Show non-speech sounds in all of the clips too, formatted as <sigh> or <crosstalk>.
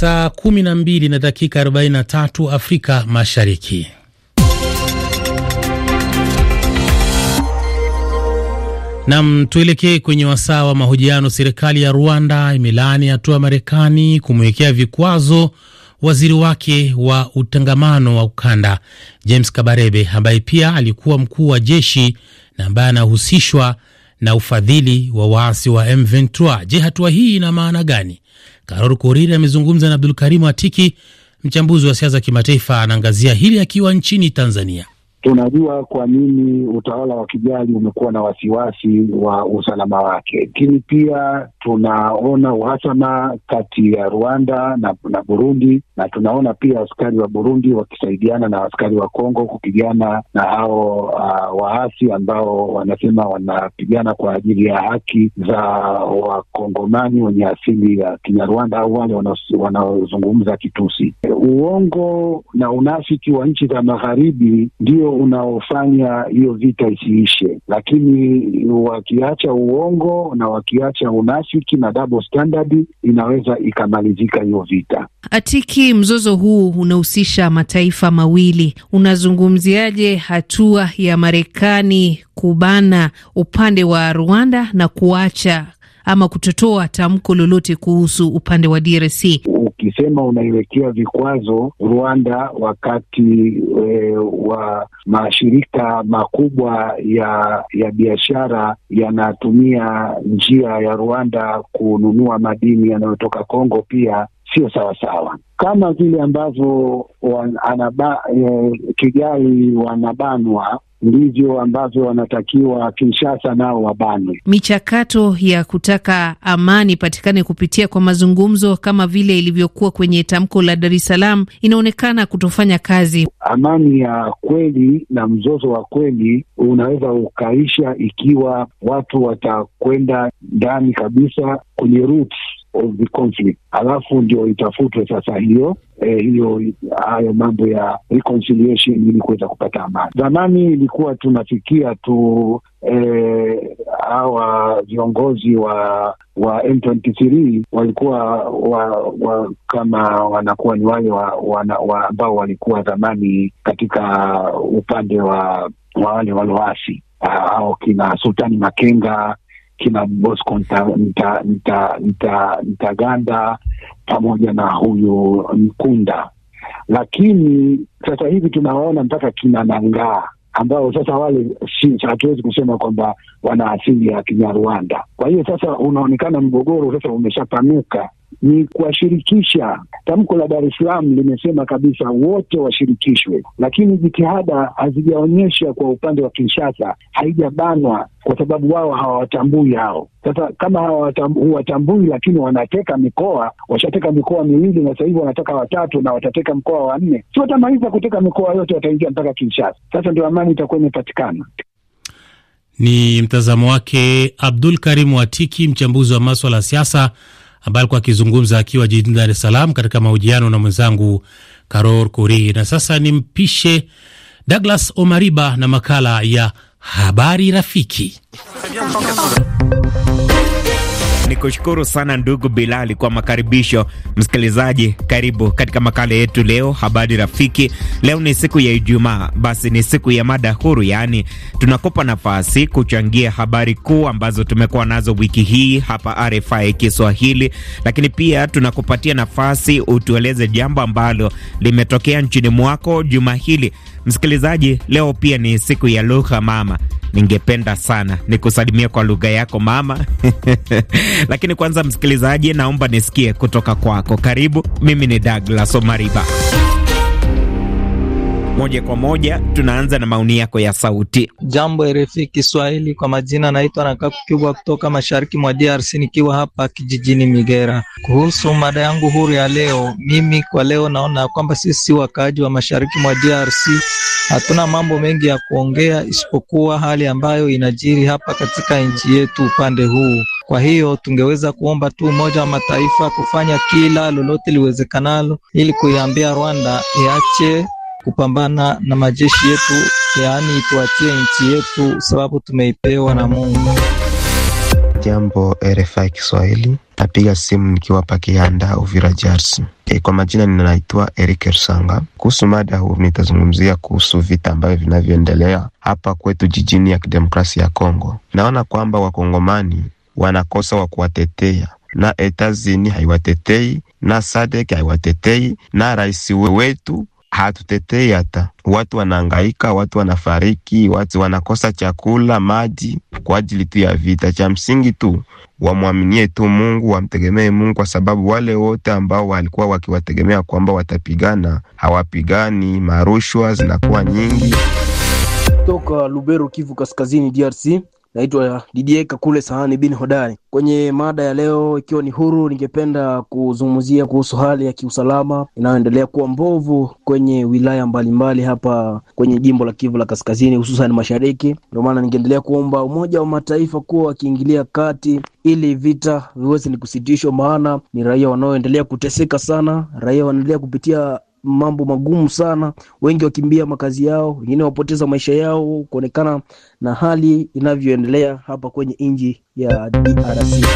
saa 12 na dakika 43 Afrika Mashariki. Nam, tuelekee kwenye wasaa wa mahojiano. Serikali ya Rwanda imelaani hatua ya Marekani kumwekea vikwazo waziri wake wa utangamano wa ukanda James Kabarebe, ambaye pia alikuwa mkuu wa jeshi na ambaye anahusishwa na ufadhili wa waasi wa M23. Je, hatua hii ina maana gani? Karol Koriri amezungumza na Abdul Karimu Atiki, mchambuzi wa siasa kimataifa, anaangazia hili akiwa nchini Tanzania tunajua kwa nini utawala wa Kijali umekuwa na wasiwasi wa usalama wake, lakini pia tunaona uhasama kati ya Rwanda na, na Burundi, na tunaona pia askari wa Burundi wakisaidiana na askari wa Kongo kupigana na hao uh, waasi ambao wanasema wanapigana kwa ajili ya haki za Wakongomani wenye asili ya Kinyarwanda au wale wanaozungumza Kitusi. Uongo na unafiki wa nchi za magharibi ndio unaofanya hiyo vita isiishe, lakini wakiacha uongo na wakiacha unafiki na double standard, inaweza ikamalizika hiyo vita. Atiki, mzozo huu unahusisha mataifa mawili, unazungumziaje hatua ya Marekani kubana upande wa Rwanda na kuacha ama kutotoa tamko lolote kuhusu upande wa DRC? ukisema unaiwekea vikwazo Rwanda wakati e, wa mashirika makubwa ya ya biashara yanatumia njia ya Rwanda kununua madini yanayotoka Kongo pia sio sawasawa, kama vile ambavyo wa, eh, Kigali wanabanwa ndivyo ambavyo wanatakiwa Kinshasa nao wabanwe. Michakato ya kutaka amani ipatikane kupitia kwa mazungumzo kama vile ilivyokuwa kwenye tamko la Dar es Salaam inaonekana kutofanya kazi. Amani ya kweli na mzozo wa kweli unaweza ukaisha ikiwa watu watakwenda ndani kabisa kwenye roots of the conflict, alafu ndio itafutwe sasa hiyo eh, hiyo hayo mambo ya reconciliation ili kuweza kupata amani. Zamani ilikuwa tunafikia tu eh, hawa eh, viongozi wa wa m walikuwa wa, wa, kama wanakuwa ni wale ambao wa, wa, walikuwa zamani katika upande wa wale waloasi au ah, kina Sultani Makenga kina Bosco Ntaganda nita, nita, nita pamoja na huyu Mkunda, lakini sasa hivi tunawaona mpaka kina Nangaa ambao sasa wale hatuwezi kusema kwamba wana asili ya Kinyarwanda. Kwa hiyo sasa unaonekana mgogoro sasa umeshapanuka ni kuwashirikisha. Tamko la Dar es Salaam limesema kabisa wote washirikishwe, lakini jitihada hazijaonyesha kwa upande wa Kinshasa, haijabanwa kwa sababu wao hawawatambui hao. Sasa kama hawawatambui, lakini wanateka mikoa, washateka mikoa miwili na sasa hivi wanataka watatu na watateka mkoa wa nne, si watamaliza kuteka mikoa yote, wataingia mpaka Kinshasa. Sasa ndio amani itakuwa imepatikana. Ni mtazamo wake Abdul Karim Watiki, mchambuzi wa maswala ya siasa, ambaye alikuwa akizungumza akiwa jijini Dar es Salaam katika mahojiano na mwenzangu Karor Kori. Na sasa ni mpishe Douglas Omariba na makala ya habari rafiki ni kushukuru sana ndugu Bilali kwa makaribisho. Msikilizaji, karibu katika makala yetu leo, habari rafiki. Leo ni siku ya Ijumaa, basi ni siku ya mada huru, yaani tunakupa nafasi kuchangia habari kuu ambazo tumekuwa nazo wiki hii hapa RFI Kiswahili, lakini pia tunakupatia nafasi utueleze jambo ambalo limetokea nchini mwako juma hili Msikilizaji, leo pia ni siku ya lugha mama. Ningependa sana nikusalimia kwa lugha yako mama <laughs> lakini kwanza, msikilizaji, naomba nisikie kutoka kwako. Karibu, mimi ni Douglas Omariba. Moja kwa moja tunaanza na maoni yako ya sauti. Jambo RFI Kiswahili, kwa majina naitwa Nakaku kukibwa kutoka mashariki mwa DRC nikiwa hapa kijijini Migera. Kuhusu mada yangu huru ya leo, mimi kwa leo naona kwamba sisi wakaaji wa mashariki mwa DRC hatuna mambo mengi ya kuongea isipokuwa hali ambayo inajiri hapa katika nchi yetu upande huu. Kwa hiyo tungeweza kuomba tu Umoja wa Mataifa kufanya kila lolote liwezekanalo ili kuiambia Rwanda iache kupambana na majeshi yetu, yaani tuachie nchi yetu, sababu tumeipewa na Mungu. Jambo RFI Kiswahili, napiga simu nikiwa Pakianda, Uvira, jarsi E, kwa majina ninaitwa Eric Ersanga. Kuhusu mada huu nitazungumzia kuhusu vita ambavyo vinavyoendelea hapa kwetu jijini ya kidemokrasia ya Kongo. Naona kwamba wakongomani wanakosa wa kuwatetea na etazini haiwatetei na Sadek haiwatetei na rais wetu hatutetei hata. Watu wanaangaika, watu wanafariki, watu wanakosa chakula, maji kwa ajili tu ya vita. Cha msingi tu wamwaminie tu Mungu, wamtegemee Mungu, kwa sababu wale wote ambao walikuwa wakiwategemea kwamba watapigana hawapigani. Marushwa zinakuwa nyingi. Toka Lubero, Kivu Kaskazini, DRC. Naitwa Didier Kakule Sahani bin Hodari. Kwenye mada ya leo, ikiwa ni huru, ningependa kuzungumzia kuhusu hali ya kiusalama inayoendelea kuwa mbovu kwenye wilaya mbalimbali mbali hapa kwenye jimbo la Kivu la Kaskazini, hususan mashariki. Ndio maana ningeendelea kuomba Umoja wa Mataifa kuwa wakiingilia kati ili vita viweze ni kusitishwa, maana ni raia wanaoendelea kuteseka sana, raia wanaendelea kupitia mambo magumu sana, wengi wakimbia makazi yao, wengine wapoteza maisha yao, kuonekana na hali inavyoendelea hapa kwenye nchi ya DRC.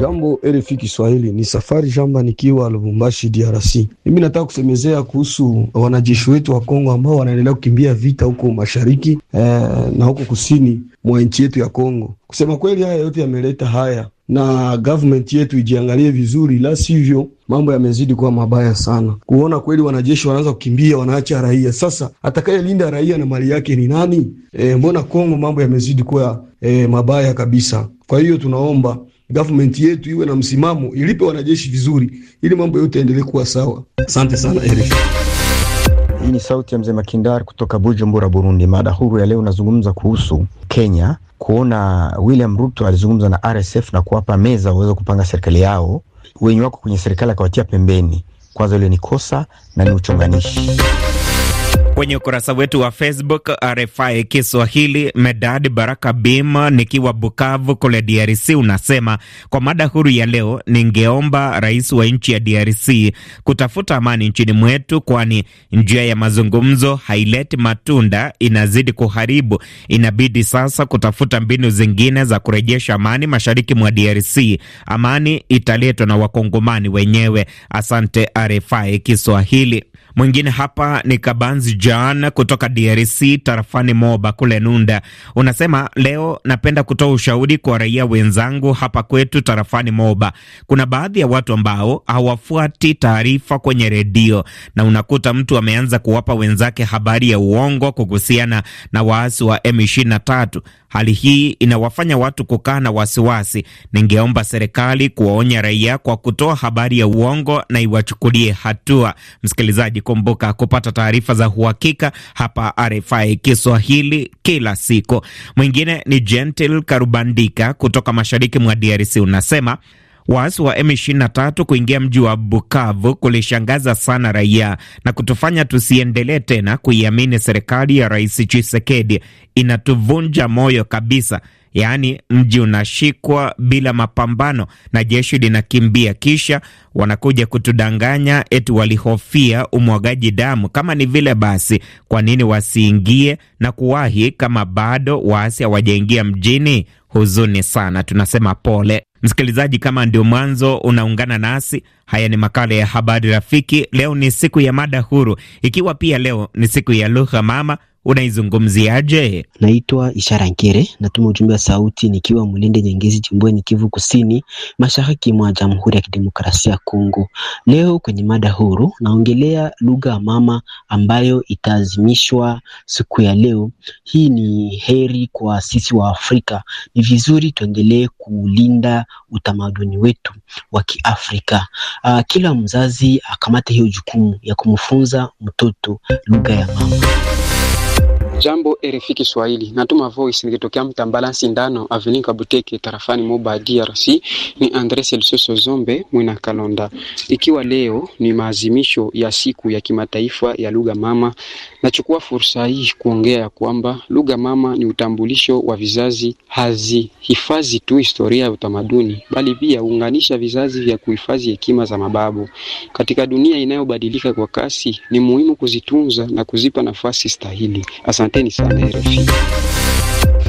Jambo RFI Kiswahili, ni safari jamba, nikiwa Lubumbashi, DRC. Mimi nataka kusemezea kuhusu wanajeshi wetu wa Kongo ambao wanaendelea kukimbia vita huko mashariki eh, na huko kusini mwa nchi yetu ya Kongo. Kusema kweli, haya yote yameleta haya na government yetu ijiangalie vizuri, la sivyo mambo yamezidi kuwa mabaya sana. Kuona kweli wanajeshi wanaanza kukimbia, wanaacha raia. Sasa atakayelinda raia na mali yake ni nani? E, mbona Kongo mambo yamezidi kuwa e, mabaya kabisa. Kwa hiyo tunaomba government yetu iwe na msimamo, ilipe wanajeshi vizuri, ili mambo yote yaendelee kuwa sawa. Asante sana RFI. Hii ni sauti ya mzee Makindari kutoka Bujumbura, Burundi. Mada huru ya leo nazungumza kuhusu Kenya, kuona William Ruto alizungumza na RSF na kuwapa meza waweze kupanga serikali yao, wenye wako kwenye serikali akawatia pembeni. Kwanza ile ni kosa na ni uchonganishi. Kwenye ukurasa wetu wa Facebook RFI Kiswahili, Medad Baraka Bima nikiwa Bukavu kule DRC unasema kwa mada huru ya leo, ningeomba rais wa nchi ya DRC kutafuta amani nchini mwetu, kwani njia ya mazungumzo haileti matunda, inazidi kuharibu. Inabidi sasa kutafuta mbinu zingine za kurejesha amani mashariki mwa DRC. Amani italetwa na wakongomani wenyewe. Asante RFI Kiswahili. Mwingine hapa ni Kabanzi Jan kutoka DRC tarafani Moba kule Nunda, unasema leo napenda kutoa ushauri kwa raia wenzangu hapa kwetu tarafani Moba. Kuna baadhi ya watu ambao hawafuati taarifa kwenye redio, na unakuta mtu ameanza kuwapa wenzake habari ya uongo kuhusiana na waasi wa M23. Hali hii inawafanya watu kukaa na wasiwasi. Ningeomba serikali kuwaonya raia kwa kutoa habari ya uongo na iwachukulie hatua. Msikilizaji kumbuka kupata taarifa za uhakika hapa RFI Kiswahili kila siku. Mwingine ni Gentle Karubandika kutoka mashariki mwa DRC, unasema waasi wa M23 kuingia mji wa Bukavu kulishangaza sana raia na kutufanya tusiendelee tena kuiamini serikali ya Rais Tshisekedi. Inatuvunja moyo kabisa yaani mji unashikwa bila mapambano na jeshi linakimbia, kisha wanakuja kutudanganya eti walihofia umwagaji damu. Kama ni vile basi, kwa nini wasiingie na kuwahi kama bado waasi hawajaingia mjini? Huzuni sana, tunasema pole. Msikilizaji, kama ndio mwanzo unaungana nasi, haya ni makala ya habari rafiki. Leo ni siku ya mada huru, ikiwa pia leo ni siku ya lugha mama unaizungumziaje? Naitwa Ishara Nkere, natuma ujumbe wa sauti nikiwa Mlinde Nyengezi, jimboni Kivu Kusini, mashariki mwa Jamhuri ya Kidemokrasia ya Kongo. Leo kwenye mada huru naongelea lugha ya mama ambayo itaazimishwa siku ya leo. Hii ni heri kwa sisi wa Afrika, ni vizuri tuendelee kulinda utamaduni wetu wa Kiafrika. Uh, kila mzazi akamate hiyo jukumu ya kumfunza mtoto lugha ya mama. Jambo RFI Kiswahili, natuma voice nikitokea Mtambala Sindano Avelinka Buteke tarafani Moba DRC. Ni Andre Celsoso Zombe Mwina Kalonda. Ikiwa leo ni maazimisho ya siku ya kimataifa ya lugha mama, nachukua fursa hii kuongea kwamba lugha mama ni utambulisho wa vizazi, hazihifadhi tu historia ya utamaduni, bali pia huunganisha vizazi vya kuhifadhi hekima za mababu. Katika dunia inayobadilika kwa kasi, ni muhimu kuzitunza na kuzipa nafasi stahili. Asante asanteni sana eh, RFI.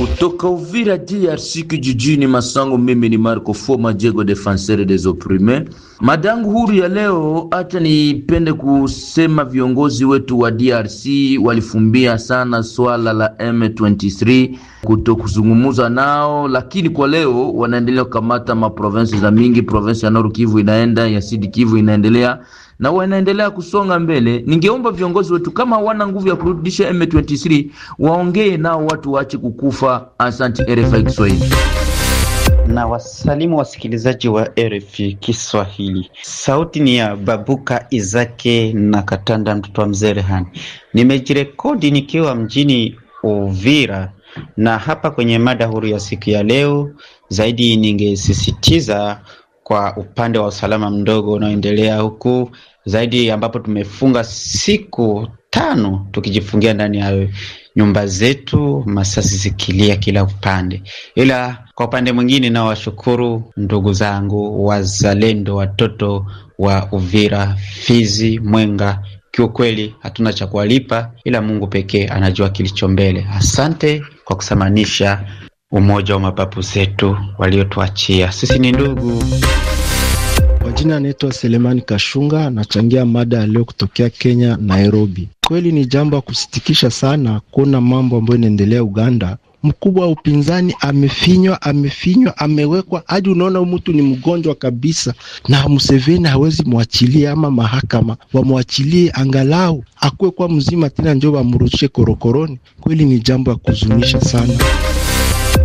Kutoka Uvira DRC kijijini Masango, mimi ni Marco Foma Diego defenseur des opprimes. Madangu huru ya leo, acha nipende kusema viongozi wetu wa DRC walifumbia sana swala la M23 kutokuzungumuza nao, lakini kwa leo wanaendelea kukamata maprovensi za mingi. Provensi ya Nord Kivu inaenda ya Sud Kivu inaendelea na wanaendelea kusonga mbele. Ningeomba viongozi wetu kama hawana nguvu ya kurudisha M23 waongee nao, watu waache kukufa. Asante RFI Kiswahili na wasalimu wasikilizaji wa RFI Kiswahili. Sauti ni ya Babuka Izake na Katanda, mtoto wa mzee Rehani. Nimejirekodi nikiwa mjini Uvira, na hapa kwenye mada huru ya siku ya leo zaidi ningesisitiza kwa upande wa usalama mdogo unaoendelea huku zaidi, ambapo tumefunga siku tano tukijifungia ndani ya nyumba zetu, masasi zikilia kila upande. Ila kwa upande mwingine, nawashukuru ndugu zangu wazalendo, watoto wa Uvira, Fizi, Mwenga. Kiukweli hatuna cha kuwalipa, ila Mungu pekee anajua kilicho mbele. Asante kwa kusamanisha umoja wa mababu zetu waliotuachia sisi ni ndugu. Kwa jina anaitwa Selemani Kashunga, anachangia mada yaliyokutokea kutokea Kenya, Nairobi. Kweli ni jambo ya kusitikisha sana kuona mambo ambayo inaendelea Uganda. Mkubwa wa upinzani amefinywa, amefinywa, amewekwa hadi unaona mtu ni mgonjwa kabisa, na Museveni hawezi mwachilie, ama mahakama wamwachilie angalau akuwe kwa mzima tena, njo wamrushie korokoroni. Kweli ni jambo ya kuzunisha sana.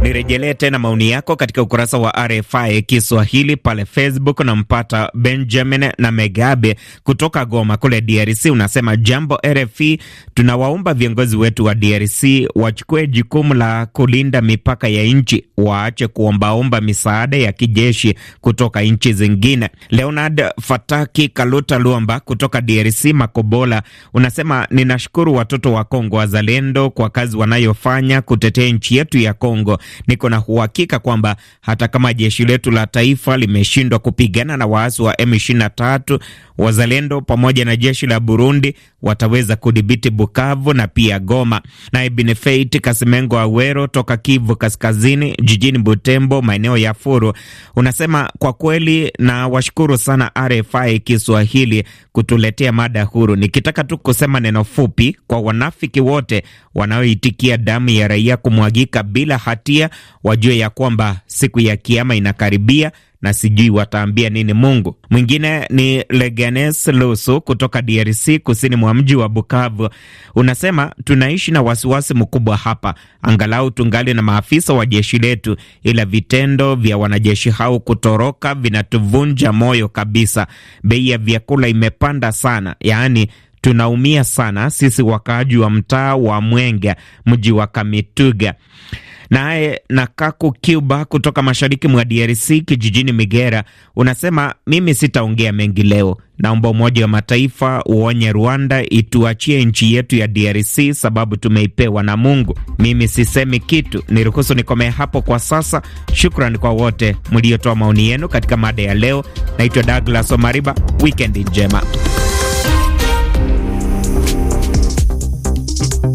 Nirejelee tena maoni yako katika ukurasa wa RFI Kiswahili pale Facebook. mpata Benjamin na Megabe kutoka Goma kule DRC, unasema jambo RFI, tunawaomba viongozi wetu wa DRC wachukue jukumu la kulinda mipaka ya nchi, waache kuombaomba misaada ya kijeshi kutoka nchi zingine. Leonard Fataki Kaluta Luamba kutoka DRC, Makobola, unasema ninashukuru watoto wa Kongo wazalendo kwa kazi wanayofanya kutetea nchi yetu ya Kongo niko na uhakika kwamba hata kama jeshi letu la taifa limeshindwa kupigana na waasi wa M23, wazalendo pamoja na jeshi la Burundi wataweza kudhibiti Bukavu na pia Goma. Naye Benefeit Kasimengo Awero toka Kivu Kaskazini, jijini Butembo, maeneo ya Furu, unasema kwa kweli na washukuru sana RFI Kiswahili kutuletea mada huru. Nikitaka tu kusema neno fupi kwa wanafiki wote wanaoitikia damu ya raia kumwagika bila hatia, wajue ya kwamba siku ya kiama inakaribia na sijui wataambia nini Mungu. Mwingine ni Leganes Lusu kutoka DRC, kusini mwa mji wa Bukavu, unasema tunaishi na wasiwasi mkubwa hapa, angalau tungali na maafisa wa jeshi letu, ila vitendo vya wanajeshi hao kutoroka vinatuvunja moyo kabisa. Bei ya vyakula imepanda sana, yaani tunaumia sana sisi wakaaji wa mtaa wa Mwenga, mji wa Kamituga. Naye Nakaku Cuba kutoka mashariki mwa DRC kijijini Migera unasema mimi sitaongea mengi leo, naomba Umoja wa Mataifa uonye Rwanda ituachie nchi yetu ya DRC sababu tumeipewa na Mungu. Mimi sisemi kitu, niruhusu nikomee hapo kwa sasa. Shukrani kwa wote mliotoa maoni yenu katika mada ya leo. Naitwa Douglas Omariba, wikendi njema.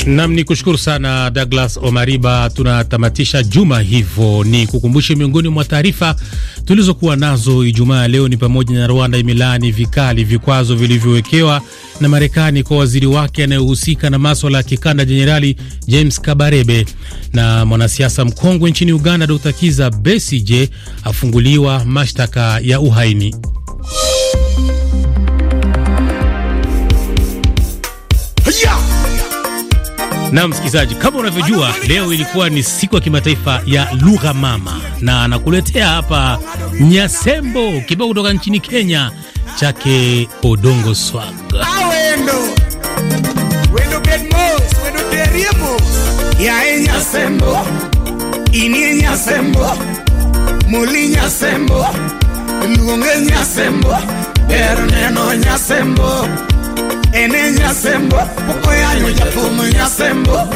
Nam ni kushukuru sana Douglas Omariba. Tunatamatisha juma hivyo, ni kukumbushe miongoni mwa taarifa tulizokuwa nazo Ijumaa ya leo ni pamoja na Rwanda imelaani vikali vikwazo vilivyowekewa na Marekani kwa waziri wake anayehusika na maswala ya kikanda Jenerali James Kabarebe, na mwanasiasa mkongwe nchini Uganda Dr Kiza Besigye afunguliwa mashtaka ya uhaini. Na msikilizaji, kama unavyojua, leo ilikuwa ni siku ya kimataifa ya lugha mama, na nakuletea hapa Nyasembo, kibao kutoka nchini Kenya chake Odongo Swag. Ah, e nyasembo e nyasembo y ene nyasembo en ella hacemos, nyasembo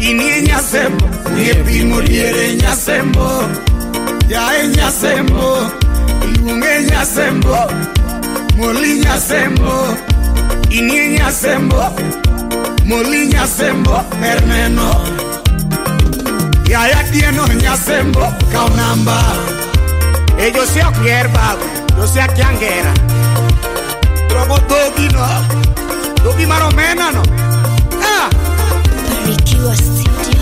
inie ella hacemos, y diere ella yae nyasembo iluonge y moli nyasembo inie nyasembo moli Y allá yaya en nyasembo Kaunamba, caonamba ellos se ok yo sea Drogo dogi no, dogi maromena no. Ah. Barikiwa studio.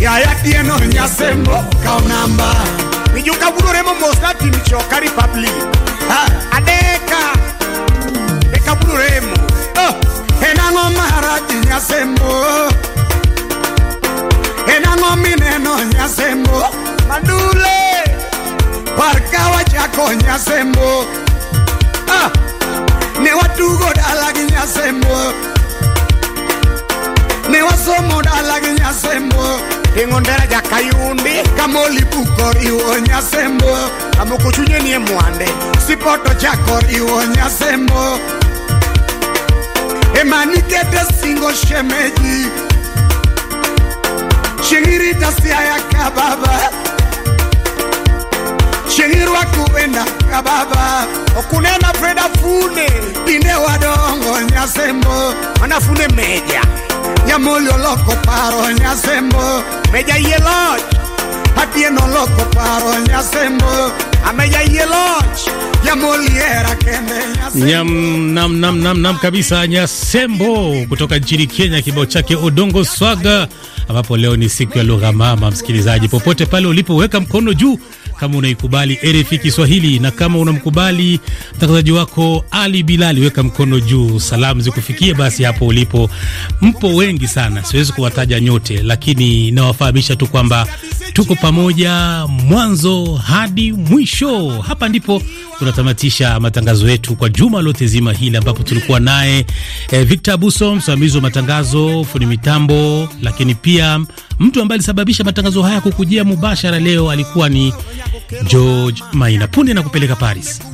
Yaya tieno nyasembo kaunamba. Nijuka bururemo mosa timichoka republic. Ah, adeka. Deka bururemo. Oh, enango maharaji nyasembo. Enango mineno nyasembo. Madule. Parkawa chako nyasembo. Ah, ni watugo dala gi nyasembo ni wasomo dala gi nyasembo ing'o ndera jakayundi kamolibuko riwo nyasembo kamoko chunye nie mwande sipoto chako riwo nyasembo emanikete singo shemeji chieng' irita siaya kababa wakubenda nga baba okunena freda fune dine wadongo nyasembo mana manafune meja loko paro nyasembo meja yie loch atieno loko paro nyasembo ameja yie loch Nyam, nam, nam, nam, nam kabisa Nyasembo kutoka nchini Kenya, kibao chake Odongo Swaga, ambapo leo ni siku ya lugha mama. Msikilizaji popote pale ulipoweka mkono juu kama unaikubali RFI Kiswahili na kama unamkubali mtangazaji wako Ali Bilali, weka mkono juu, salamu zikufikie basi hapo ulipo. Mpo wengi sana, siwezi kuwataja nyote, lakini nawafahamisha tu kwamba tuko pamoja mwanzo hadi mwisho. Hapa ndipo tunatamatisha matangazo yetu kwa juma lote zima hili, ambapo tulikuwa naye eh, Victor Abuso, msimamizi wa matangazo, fundi mitambo, lakini pia mtu ambaye alisababisha matangazo haya kukujia mubashara leo alikuwa ni George Maina. Punde na kupeleka Paris.